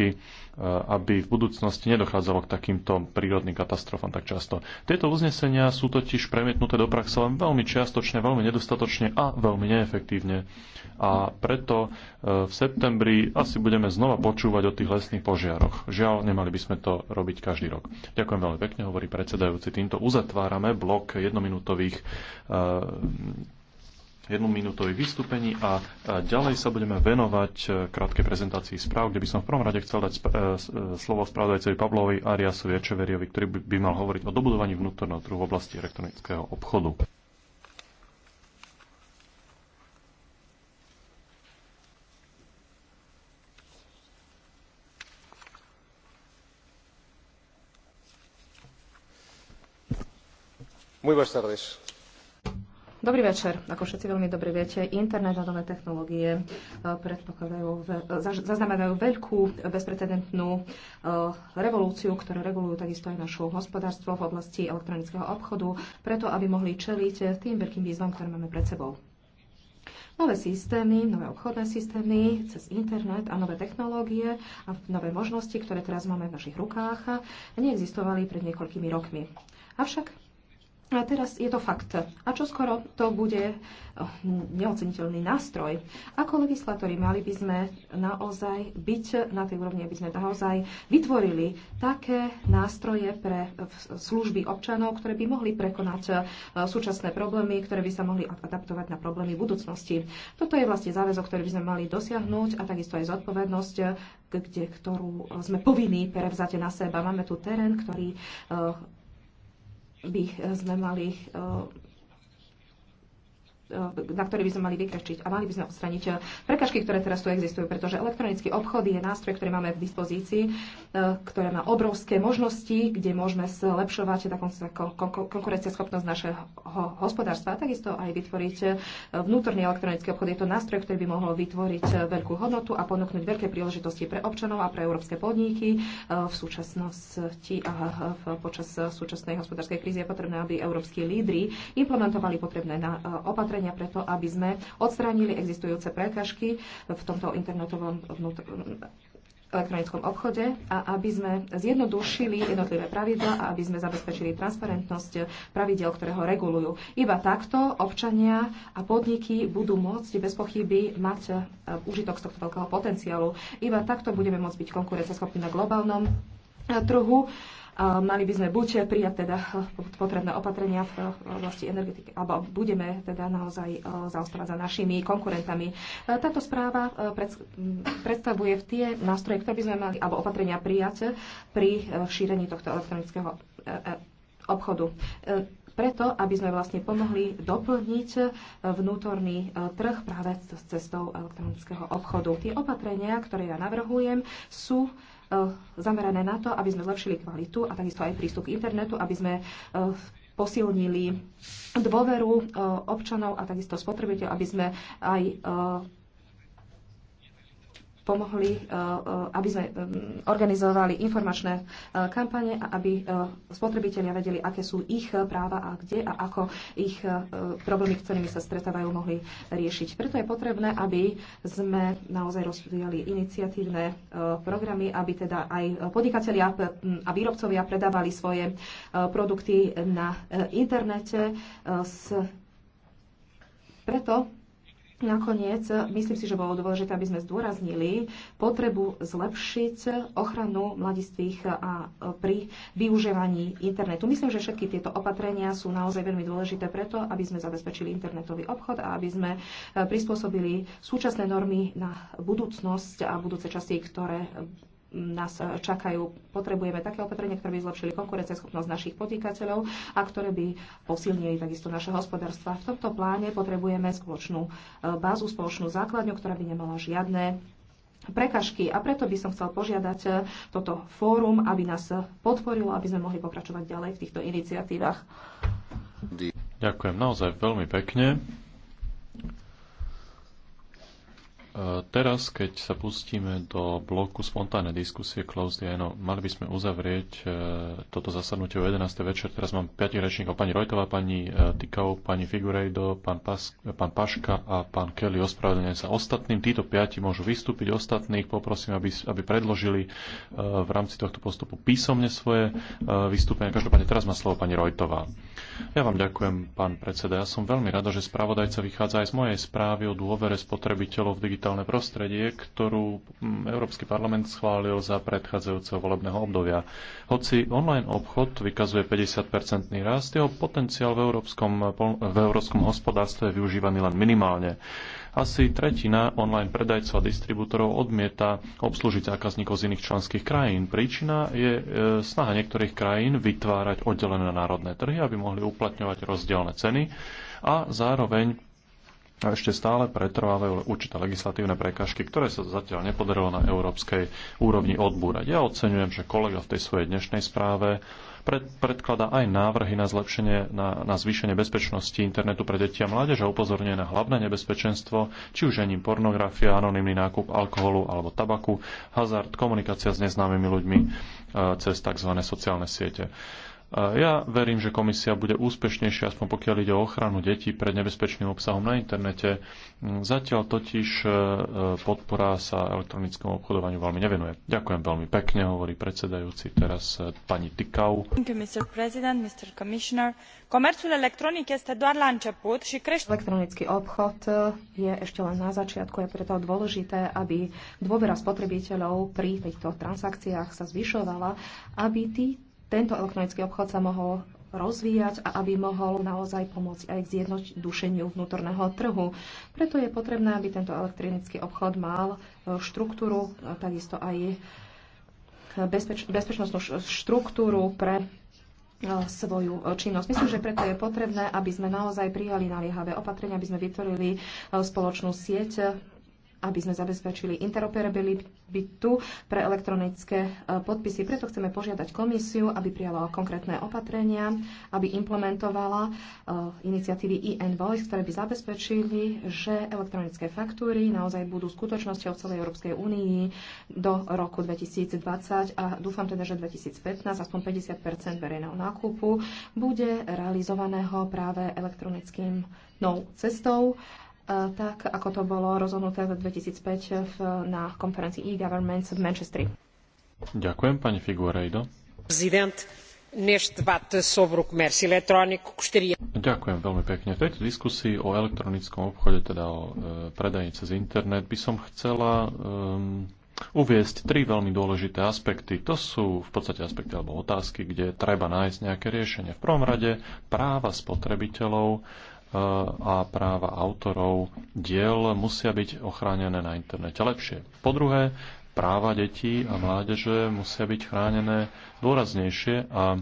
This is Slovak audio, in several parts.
Eh, aby v budúcnosti nedochádzalo k takýmto prírodným katastrofám tak často. Tieto uznesenia sú totiž premietnuté do praxe len veľmi čiastočne, veľmi nedostatočne a veľmi neefektívne. A preto eh, v septembri asi budeme znova počúvať o tých lesných požiaroch. Žiaľ, nemali by sme to robiť každý rok. Ďakujem veľmi pekne, hovorí predsedajúci. Týmto uzatvárame blok jednominútových eh, jednominútových vystúpení a ďalej sa budeme venovať e, krátkej prezentácii správ, kde by som v prvom rade chcel dať e, e, slovo spravodajcovi Pavlovi Ariasovi Ečeveriovi, ktorý by mal hovoriť o dobudovaní vnútorného trhu v oblasti elektronického obchodu. Muy buenas tardes. Dobrý večer. Ako všetci veľmi dobre viete, internet a nové technológie e, e, zaznamenajú veľkú bezprecedentnú e, revolúciu, ktoré regulujú takisto aj našu hospodárstvo v oblasti elektronického obchodu, preto aby mohli čeliť tým veľkým výzvam, ktoré máme pred sebou. Nové systémy, nové obchodné systémy cez internet a nové technológie a nové možnosti, ktoré teraz máme v našich rukách, neexistovali pred niekoľkými rokmi. Avšak a teraz je to fakt. A čo skoro to bude oh, neoceniteľný nástroj. Ako legislatóri mali by sme naozaj byť na tej úrovni, aby sme naozaj vytvorili také nástroje pre služby občanov, ktoré by mohli prekonať eh, súčasné problémy, ktoré by sa mohli adaptovať na problémy budúcnosti. Toto je vlastne záväzok, ktorý by sme mali dosiahnuť a takisto aj zodpovednosť, eh, kde, ktorú sme povinní prevzať na seba. Máme tu terén, ktorý eh, by sme mali eh, E, na ktoré by sme mali vykrečiť a mali by sme odstraniť e, prekažky, ktoré teraz tu existujú, pretože elektronický obchod je nástroj, ktorý máme v dispozícii, e, ktoré má obrovské možnosti, kde môžeme zlepšovať konkurencieschopnosť našeho hospodárstva a takisto aj vytvoriť vnútorný elektronický obchod. Je to nástroj, ktorý by mohol vytvoriť veľkú hodnotu a ponúknuť veľké príležitosti pre občanov a pre európske podniky v súčasnosti a počas súčasnej hospodárskej krízy je potrebné, aby európsky lídry implementovali potrebné opatrenia opatrenia preto, aby sme odstránili existujúce prekažky v tomto internetovom elektronickom obchode a aby sme zjednodušili jednotlivé pravidla a aby sme zabezpečili transparentnosť pravidel, ktoré ho regulujú. Iba takto občania a podniky budú môcť bez pochyby mať e, užitok z tohto veľkého potenciálu. Iba takto budeme môcť byť konkurenceschopní na globálnom e, trhu Mali by sme buď prijať teda eh, potrebné opatrenia v oblasti energetiky, alebo budeme teda naozaj eh, zaostávať za našimi konkurentami. Eh, táto správa mm, predstavuje tie nástroje, ktoré by sme mali, alebo opatrenia prijať pri šírení tohto elektronického obchodu preto, aby sme vlastne pomohli doplniť vnútorný trh práve cestou elektronického obchodu. Tie opatrenia, ktoré ja navrhujem, sú Eh, zamerané na to, aby sme zlepšili kvalitu a takisto aj prístup k internetu, aby sme eh, posilnili dôveru eh, občanov a takisto spotrebiteľov, aby sme aj pomohli, eh, eh, aby sme eh, organizovali informačné kampane a aby spotrebitelia vedeli, aké sú ich práva a kde a ako ich problémy, ktorými sa stretávajú, mohli riešiť. Preto je potrebné, aby sme naozaj rozvíjali iniciatívne programy, aby teda aj podnikatelia a výrobcovia predávali svoje produkty na internete. Preto Nakoniec myslím si, že bolo dôležité, aby sme zdôraznili potrebu zlepšiť ochranu mladistvých a e, pri využívaní internetu. Myslím, že všetky tieto opatrenia sú naozaj veľmi dôležité preto, aby sme zabezpečili internetový obchod a aby sme e, prispôsobili súčasné normy na budúcnosť a budúce časti, ktoré nás eh, čakajú. Potrebujeme také opatrenia, ktoré by zlepšili konkurencieschopnosť našich podnikateľov a ktoré by posilnili takisto naše hospodárstva. V tomto pláne potrebujeme spoločnú eh, bázu, spoločnú základňu, ktorá by nemala žiadne prekažky a preto by som chcel požiadať eh, toto fórum, aby nás podporilo, aby sme mohli pokračovať ďalej v týchto iniciatívach. Ďakujem naozaj veľmi pekne. Teraz, keď sa pustíme do bloku spontánnej diskusie Close Jeno, mali by sme uzavrieť e, toto zasadnutie o 11. večer. Teraz mám 5 rečníkov. Pani Rojtová, pani e, Tikau, pani Figurejdo, pán, Pas- pán Paška a pán Kelly. Ospravedlňujem sa ostatným. Títo piati môžu vystúpiť. Ostatných poprosím, aby, aby predložili e, v rámci tohto postupu písomne svoje vystúpenie. Každopádne teraz má slovo pani Rojtová. Ja vám ďakujem, pán predseda. Ja som veľmi rada, že spravodajca vychádza aj z mojej správy o dôvere spotrebiteľov v digitálnej digitálne prostredie, ktorú mm, Európsky parlament schválil za predchádzajúceho volebného obdobia. Hoci online obchod vykazuje 50-percentný rast, jeho potenciál v európskom, v európskom hospodárstve je využívaný len minimálne. Asi tretina online predajcov a distribútorov odmieta obslužiť zákazníkov z iných členských krajín. Príčina je e, snaha niektorých krajín vytvárať oddelené národné trhy, aby mohli uplatňovať rozdielne ceny a zároveň a ešte stále pretrvávajú určité legislatívne prekažky, ktoré sa zatiaľ nepodarilo na európskej úrovni odbúrať. Ja oceňujem, že kolega v tej svojej dnešnej správe pred, predkladá aj návrhy na zlepšenie, na, na zvýšenie bezpečnosti internetu pre deti a mládež a upozorňuje na hlavné nebezpečenstvo, či už je ním pornografia, anonymný nákup alkoholu alebo tabaku, hazard, komunikácia s neznámymi ľuďmi e, cez tzv. sociálne siete. Ja verím, že komisia bude úspešnejšia, aspoň pokiaľ ide o ochranu detí pred nebezpečným obsahom na internete. Mm, Zatiaľ totiž e, e, podpora sa elektronickému obchodovaniu veľmi nevenuje. Ďakujem veľmi pekne, hovorí predsedajúci teraz e, pani Tikau. Elektronický obchod je ešte len na začiatku, je preto dôležité, aby dôvera spotrebiteľov pri týchto transakciách sa zvyšovala, aby tí tento elektronický obchod sa mohol rozvíjať a aby mohol naozaj pomôcť aj k zjednodušeniu vnútorného trhu. Preto je potrebné, aby tento elektronický obchod mal e, štruktúru, e, takisto aj e, bezpeč- bezpečnostnú štruktúru pre svoju činnosť. Myslím, že preto je potrebné, aby sme naozaj prijali naliehavé opatrenia, aby sme vytvorili spoločnú sieť aby sme zabezpečili interoperabilitu pre elektronické e, podpisy. Preto chceme požiadať komisiu, aby prijala konkrétne opatrenia, aby implementovala e, iniciatívy e-invoice, ktoré by zabezpečili, že elektronické faktúry naozaj budú skutočnosťou v celej Európskej únii do roku 2020 a dúfam teda, že 2015 aspoň 50 verejného nákupu bude realizovaného práve elektronickým cestou E, tak ako to bolo rozhodnuté v 2005 v, na konferencii e-governments v Manchestri. Ďakujem, pani Figueiredo. Prezident, Ďakujem veľmi pekne. V tejto diskusii o elektronickom obchode, teda o e, cez internet, by som chcela um, uviesť tri veľmi dôležité aspekty. To sú v podstate aspekty alebo otázky, kde treba nájsť nejaké riešenie. V prvom rade práva spotrebiteľov a práva autorov diel musia byť ochránené na internete lepšie. Po druhé, práva detí a mládeže musia byť chránené dôraznejšie a e,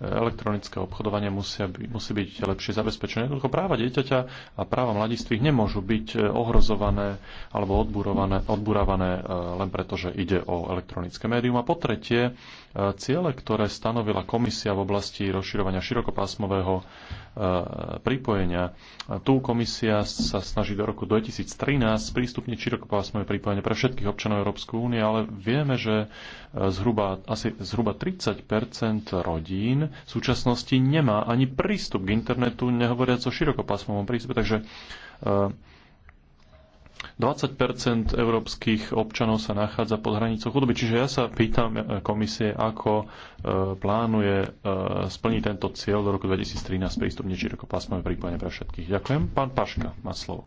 elektronické obchodovanie musia by, musí byť lepšie zabezpečené. Jednoducho práva dieťaťa a práva mladistvých nemôžu byť e, ohrozované alebo odburované, odburávané e, len preto, že ide o elektronické médium. A po tretie, ciele, ktoré stanovila komisia v oblasti rozširovania širokopásmového pripojenia. Tu komisia sa snaží do roku 2013 sprístupniť širokopásmové pripojenie pre všetkých občanov Európskej únie, ale vieme, že zhruba, asi zhruba 30 40 rodín v súčasnosti nemá ani prístup k internetu, nehovoriac o širokopásmovom prístupe. Takže 20 eh, európskych občanov sa nachádza pod hranicou chudoby. Čiže ja sa pýtam eh, komisie, ako eh, plánuje splniť tento cieľ do roku 2013 prístupne širokopásmové pripojenie pre všetkých. Ďakujem. Pán Paška má slovo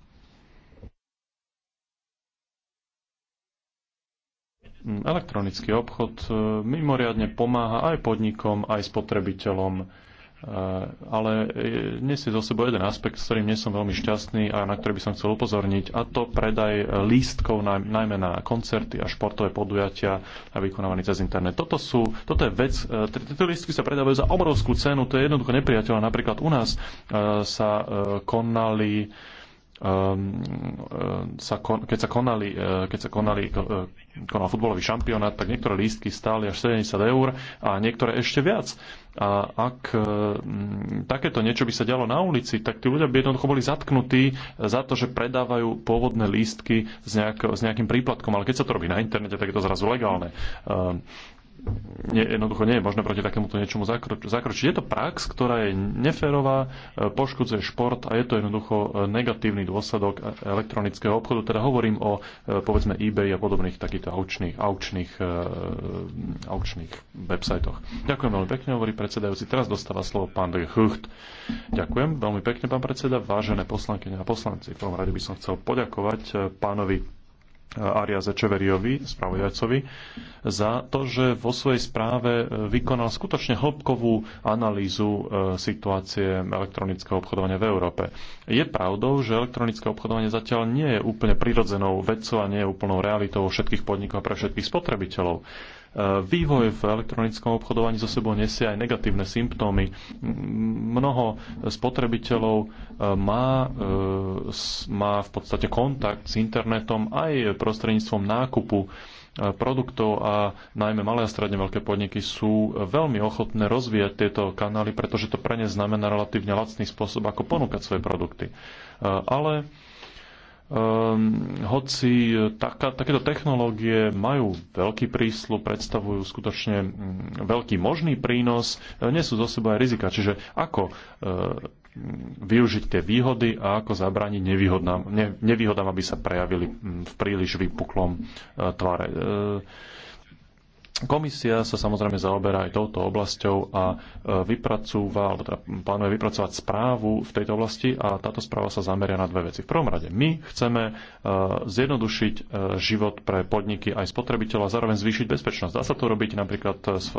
Hm, elektronický obchod e, mimoriadne pomáha aj podnikom, aj spotrebiteľom, e, ale dnes e, je zo sebou jeden aspekt, s ktorým nie som veľmi šťastný a na ktorý by som chcel upozorniť, a to predaj lístkov najmä na koncerty a športové podujatia a vykonávaný cez internet. Toto, sú, toto je vec, tieto lístky sa predávajú za obrovskú cenu, to je jednoducho nepriateľné. Napríklad u nás sa konali Ehm, ehm, sa kon, keď sa, konali, e, keď sa konali, e, konal futbolový šampionát, tak niektoré lístky stáli až 70 eur a niektoré ešte viac. A ak e, takéto niečo by sa dialo na ulici, tak tí ľudia by jednoducho boli zatknutí za to, že predávajú pôvodné lístky s, nejak, s nejakým príplatkom. Ale keď sa to robí na internete, tak je to zrazu legálne. Ehm, nie, jednoducho nie je možné proti takémuto niečomu zakroč, zakročiť. Je to prax, ktorá je neférová, e, poškodzuje šport a je to jednoducho e, negatívny dôsledok e, elektronického obchodu. Teda hovorím o povedzme eBay a podobných takýchto aučných, aučných, aučných websajtoch. Ďakujem veľmi pekne, hovorí predsedajúci. Teraz dostáva slovo pán de Hucht. Ďakujem veľmi pekne, pán predseda, vážené poslankyne a poslanci. V prvom rade by som chcel poďakovať pánovi Aria Zečeveriovi, spravodajcovi, za to, že vo svojej správe vykonal skutočne hĺbkovú analýzu e, situácie elektronického obchodovania v Európe. Je pravdou, že elektronické obchodovanie zatiaľ nie je úplne prirodzenou vecou a nie je úplnou realitou všetkých podnikov a pre všetkých spotrebiteľov. Vývoj v elektronickom obchodovaní zo sebou nesie aj negatívne symptómy. Mnoho spotrebiteľov eh, má, eh, má v podstate kontakt s internetom aj prostredníctvom nákupu eh, produktov a najmä malé a stredne veľké podniky sú veľmi ochotné rozvíjať tieto kanály, pretože to pre ne znamená relatívne lacný spôsob, ako ponúkať svoje produkty. Ale Um, hoci e, taká, takéto technológie majú veľký prísľub, predstavujú skutočne um, veľký možný prínos, e, nesú zo seba aj rizika. Čiže ako uh, využiť tie výhody a ako zabrániť nevýhodám, ne, nevýhodám aby sa prejavili mm, v príliš vypuklom uh, tvare. Uh, Komisia sa samozrejme zaoberá aj touto oblasťou a e, vypracúva, alebo teda plánuje vypracovať správu v tejto oblasti a táto správa sa zameria na dve veci. V prvom rade, my chceme e, zjednodušiť e, život pre podniky aj spotrebiteľa a zároveň zvýšiť bezpečnosť. Dá sa to robiť napríklad s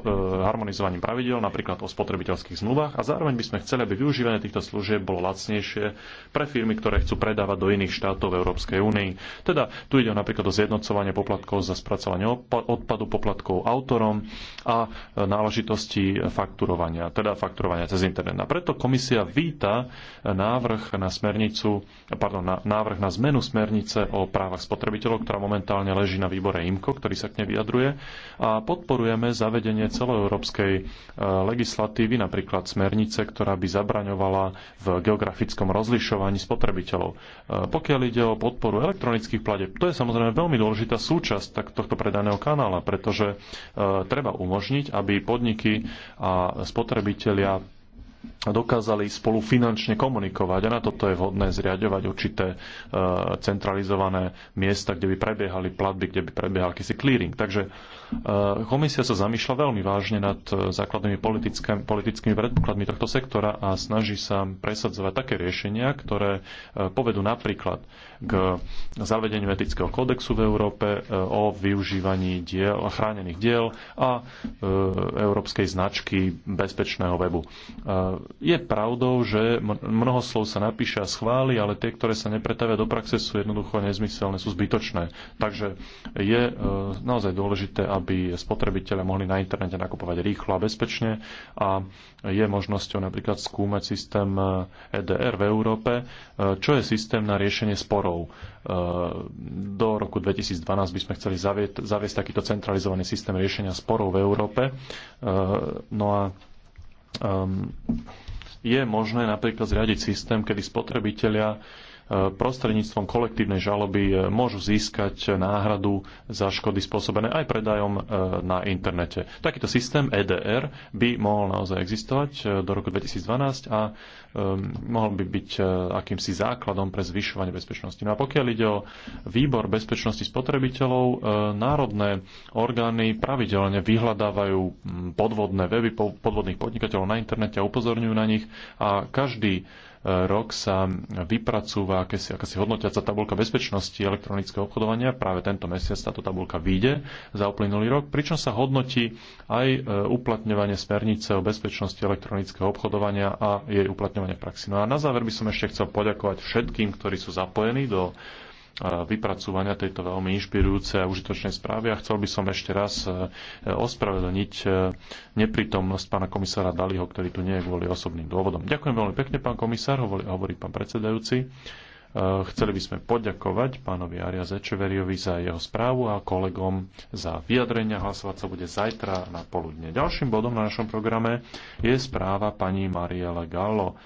harmonizovaním pravidel, napríklad o spotrebiteľských zmluvách a zároveň by sme chceli, aby využívanie týchto služieb bolo lacnejšie pre firmy, ktoré chcú predávať do iných štátov v Európskej únii. Teda tu ide napríklad o zjednocovanie poplatkov za spracovanie odpadu, poplatkov autorom a náležitosti fakturovania, teda fakturovania cez internet. A preto komisia víta návrh na smernicu, pardon, na, návrh na zmenu smernice o právach spotrebiteľov, ktorá momentálne leží na výbore IMCO, ktorý sa k nej vyjadruje. A podporujeme zavedenie celoeurópskej e, legislatívy, napríklad smernice, ktorá by zabraňovala v geografickom rozlišovaní spotrebiteľov. E, pokiaľ ide o podporu elektronických pladeb, to je samozrejme veľmi dôležitá súčasť tohto predaného kanála, pretože treba umožniť, aby podniky a spotrebitelia dokázali spolu finančne komunikovať. A na toto je vhodné zriadovať určité e, centralizované miesta, kde by prebiehali platby, kde by prebiehal akýsi clearing. Takže e, komisia sa zamýšľa veľmi vážne nad e, základnými politickými predpokladmi tohto sektora a snaží sa presadzovať také riešenia, ktoré povedú napríklad k zavedeniu etického kódexu v Európe o využívaní diel, chránených diel a európskej značky bezpečného webu je pravdou, že mnoho slov sa napíše a schváli, ale tie, ktoré sa nepretavia do praxe, sú jednoducho nezmyselné, sú zbytočné. Takže je e, naozaj dôležité, aby spotrebitelia mohli na internete nakupovať rýchlo a bezpečne a je možnosťou napríklad skúmať systém EDR e v Európe, e, čo je systém na riešenie sporov. Do roku 2012 by sme chceli zaviesť, takýto centralizovaný systém riešenia sporov v Európe. No a um, je možné napríklad zriadiť systém, kedy spotrebitelia prostredníctvom kolektívnej žaloby e, môžu získať náhradu za škody spôsobené aj predajom e, na internete. Takýto systém EDR by mohol naozaj existovať e, do roku 2012 a mohol by byť akýmsi základom pre zvyšovanie bezpečnosti. No a pokiaľ ide o výbor bezpečnosti spotrebiteľov, národné orgány pravidelne vyhľadávajú podvodné weby podvodných podnikateľov na internete a upozorňujú na nich a každý rok sa vypracúva akési, akási hodnotiaca tabulka bezpečnosti elektronického obchodovania. Práve tento mesiac táto tabulka vyjde za uplynulý rok, pričom sa hodnotí aj e, uplatňovanie smernice o bezpečnosti elektronického obchodovania a jej uplatňovanie v praxi. No a na záver by som ešte chcel poďakovať všetkým, ktorí sú zapojení do vypracovania tejto veľmi inšpirujúcej a užitočnej správy. A chcel by som ešte raz e, ospravedlniť e, neprítomnosť pána komisára Daliho, ktorý tu nie je kvôli osobným dôvodom. Ďakujem veľmi pekne, pán komisár, hovorí, hovorí pán predsedajúci. E, chceli by sme poďakovať pánovi Aria Zečeveriovi za jeho správu a kolegom za vyjadrenia. Hlasovať sa bude zajtra na poludne. Ďalším bodom na našom programe je správa pani Mariele Gallo.